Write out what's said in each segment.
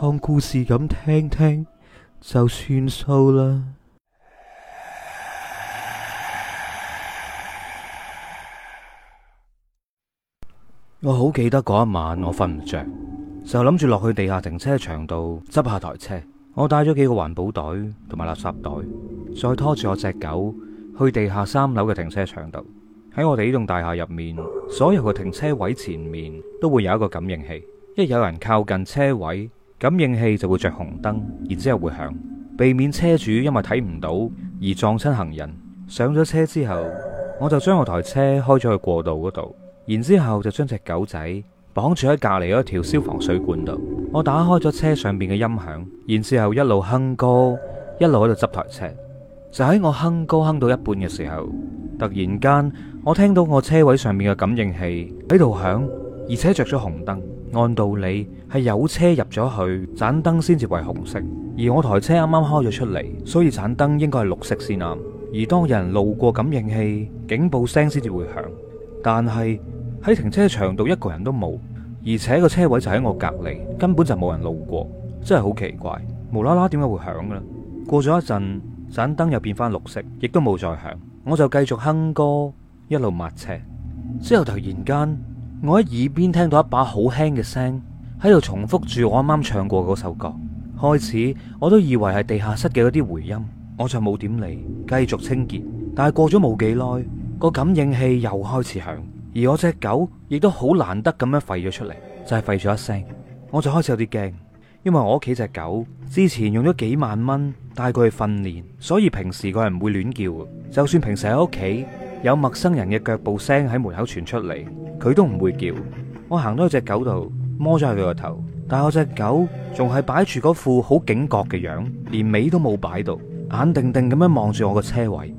當故事咁聽聽就算數啦。 我好記得嗰一晚，我瞓唔着，就諗住落去地下停車場度執下台車。我帶咗幾個環保袋同埋垃圾袋，再拖住我隻狗去地下三樓嘅停車場度。喺我哋呢棟大廈入面，所有嘅停車位前面都會有一個感應器，一有人靠近車位，感應器就會着紅燈，然之後會響，避免車主因為睇唔到而撞親行人。上咗車之後，我就將我台車開咗去過道嗰度，然之後就將隻狗仔綁住喺隔籬嗰條消防水管度。我打開咗車上面嘅音響，然之後一路哼歌，一路喺度執台車。就喺我哼歌哼到一半嘅時候，突然間我聽到我車位上面嘅感應器喺度響。而且着咗紅燈，按道理係有車入咗去盞燈先至為紅色。而我台車啱啱開咗出嚟，所以盞燈應該係綠色先啱。而當有人路過感應器，警報聲先至會響。但係喺停車場度一個人都冇，而且個車位就喺我隔籬，根本就冇人路過，真係好奇怪。無啦啦點解會響㗎？過咗一陣盞燈又變翻綠色，亦都冇再響，我就繼續哼歌一路抹車。之後突然間。我喺耳邊聽到一把好輕嘅聲喺度重複住我啱啱唱過嗰首歌。開始我都以為係地下室嘅嗰啲回音，我就冇點理，繼續清潔。但係過咗冇幾耐，個感應器又開始響，而我隻狗亦都好難得咁樣吠咗出嚟，就係吠咗一聲。我就開始有啲驚，因為我屋企隻狗之前用咗幾萬蚊帶佢去訓練，所以平時佢係唔會亂叫。就算平時喺屋企有陌生人嘅腳步聲喺門口傳出嚟，佢都唔會叫，我行到去隻狗度摸咗下佢個頭，但係我隻狗仲係擺住嗰副好警覺嘅樣，連尾都冇擺到，眼定定咁樣望住我個車位。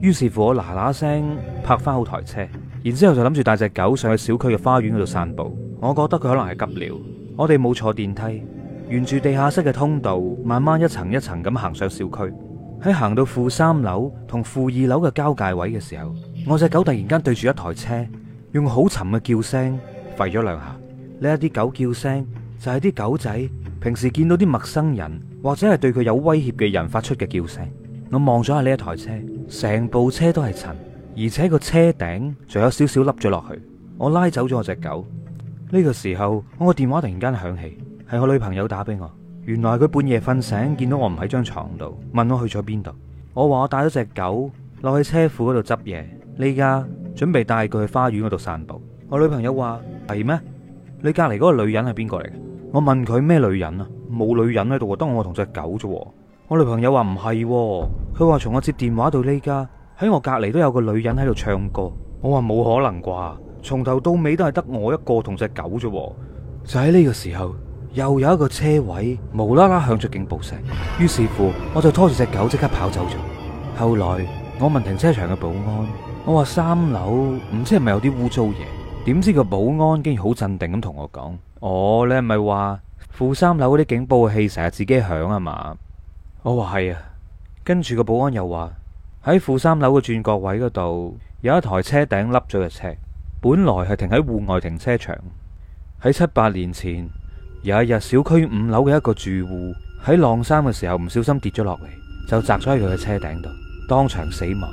於是乎，我嗱嗱聲拍翻好台車，然之後就諗住帶隻狗上去小區嘅花園嗰度散步。我覺得佢可能係急了，我哋冇坐電梯，沿住地下室嘅通道慢慢一層一層咁行上小區。喺行到負三樓同負二樓嘅交界位嘅時候，我隻狗突然間對住一台車，用好沉嘅叫聲吠咗兩下，呢一啲狗叫聲就係啲狗仔平時見到啲陌生人或者係對佢有威脅嘅人發出嘅叫聲。我望咗下呢一台車，成部車都係塵，而且個車頂仲有少少凹咗落去。我拉走咗我隻狗。呢個時候，我個電話突然間響起，係我女朋友打俾我。原來佢半夜瞓醒，見到我唔喺張床度，問我去咗邊度。我話我帶咗隻狗落去車庫嗰度執嘢。呢家。準備帶佢去花園嗰度散步。我女朋友話係咩？你隔籬嗰個女人係邊個嚟？我問佢咩女人啊？冇女人喺度，當我同隻狗啫。我女朋友話唔係，佢話從我接電話到呢家，喺我隔籬都有個女人喺度唱歌。我話冇可能啩，從頭到尾都係得我一個同隻狗啫。就喺呢個時候，又有一個車位無啦啦響住警報聲，於是乎我就拖住隻狗即刻跑走咗。後來我問停車場嘅保安。我話三樓唔知係咪有啲污糟嘢，點知個保安竟然好鎮定咁同我講：哦，你係咪話負三樓嗰啲警報器成日自己響啊嘛？我話係啊，跟住個保安又話喺負三樓嘅轉角位嗰度有一台車頂凹咗嘅車，本來係停喺戶外停車場。喺七八年前有一日，小區五樓嘅一個住戶喺晾衫嘅時候唔小心跌咗落嚟，就砸咗喺佢嘅車頂度，當場死亡。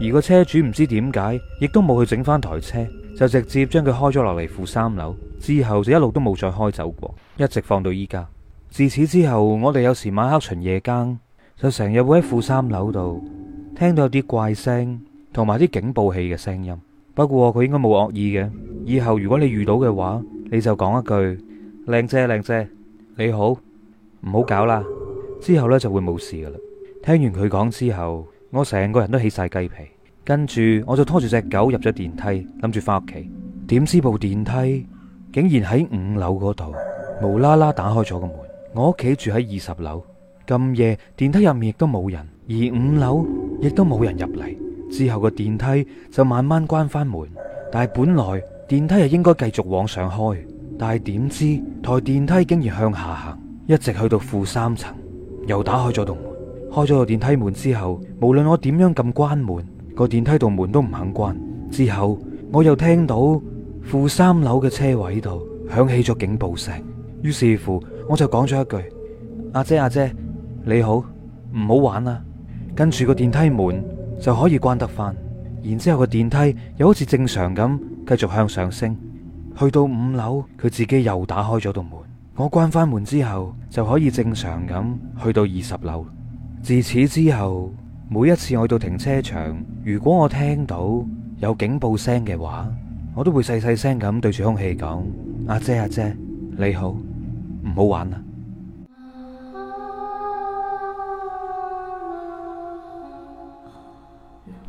而個車主唔知點解，亦都冇去整翻台車，就直接將佢開咗落嚟負三樓，之後就一路都冇再開走過，一直放到依家。自此之後，我哋有時晚黑巡夜更，就成日會喺負三樓度聽到有啲怪聲同埋啲警報器嘅聲音。不過佢應該冇惡意嘅。以後如果你遇到嘅話，你就講一句靚 姐靚姐你好，唔好搞啦。之後呢，就會冇事噶啦。聽完佢講之後，我成個人都起晒雞皮，跟住我就拖住隻狗入咗電梯，諗住翻屋企。點知部電梯竟然喺五樓嗰度無啦啦打開咗個門。我屋企住喺二十樓，咁夜電梯入面亦都冇人，而五樓亦都冇人入嚟。之後個電梯就慢慢關翻門，但係本來電梯係應該繼續往上開，但係點知台電梯竟然向下行，一直去到負三層，又打開咗棟門。開咗個電梯門之後，無論我點樣撳關門，個電梯度門都唔肯關。之後我又聽到負三樓嘅車位度響起咗警報聲，於是乎我就講咗一句：阿姐阿姐，你好，唔好玩啦。跟住個電梯門就可以關得翻。然之後個電梯又好似正常咁繼續向上升，去到五樓佢自己又打開咗道門。我關翻門之後就可以正常咁去到二十樓。自此之後，每一次我去到停車場，如果我聽到有警報聲嘅話，我都會細細聲咁對住空氣講：阿姐阿姐，你好，唔好玩啦。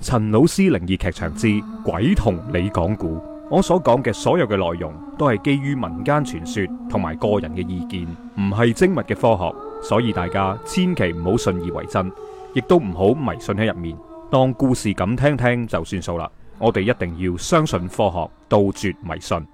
陳老師靈異劇場之「鬼同你講故」，我所講嘅所有嘅內容都係基於民間傳說同埋個人嘅意見，唔係精密嘅科學。所以大家千祈唔好信以為真，亦都唔好迷信喺入面，當故事咁聽聽就算數啦。我哋一定要相信科學，杜絕迷信。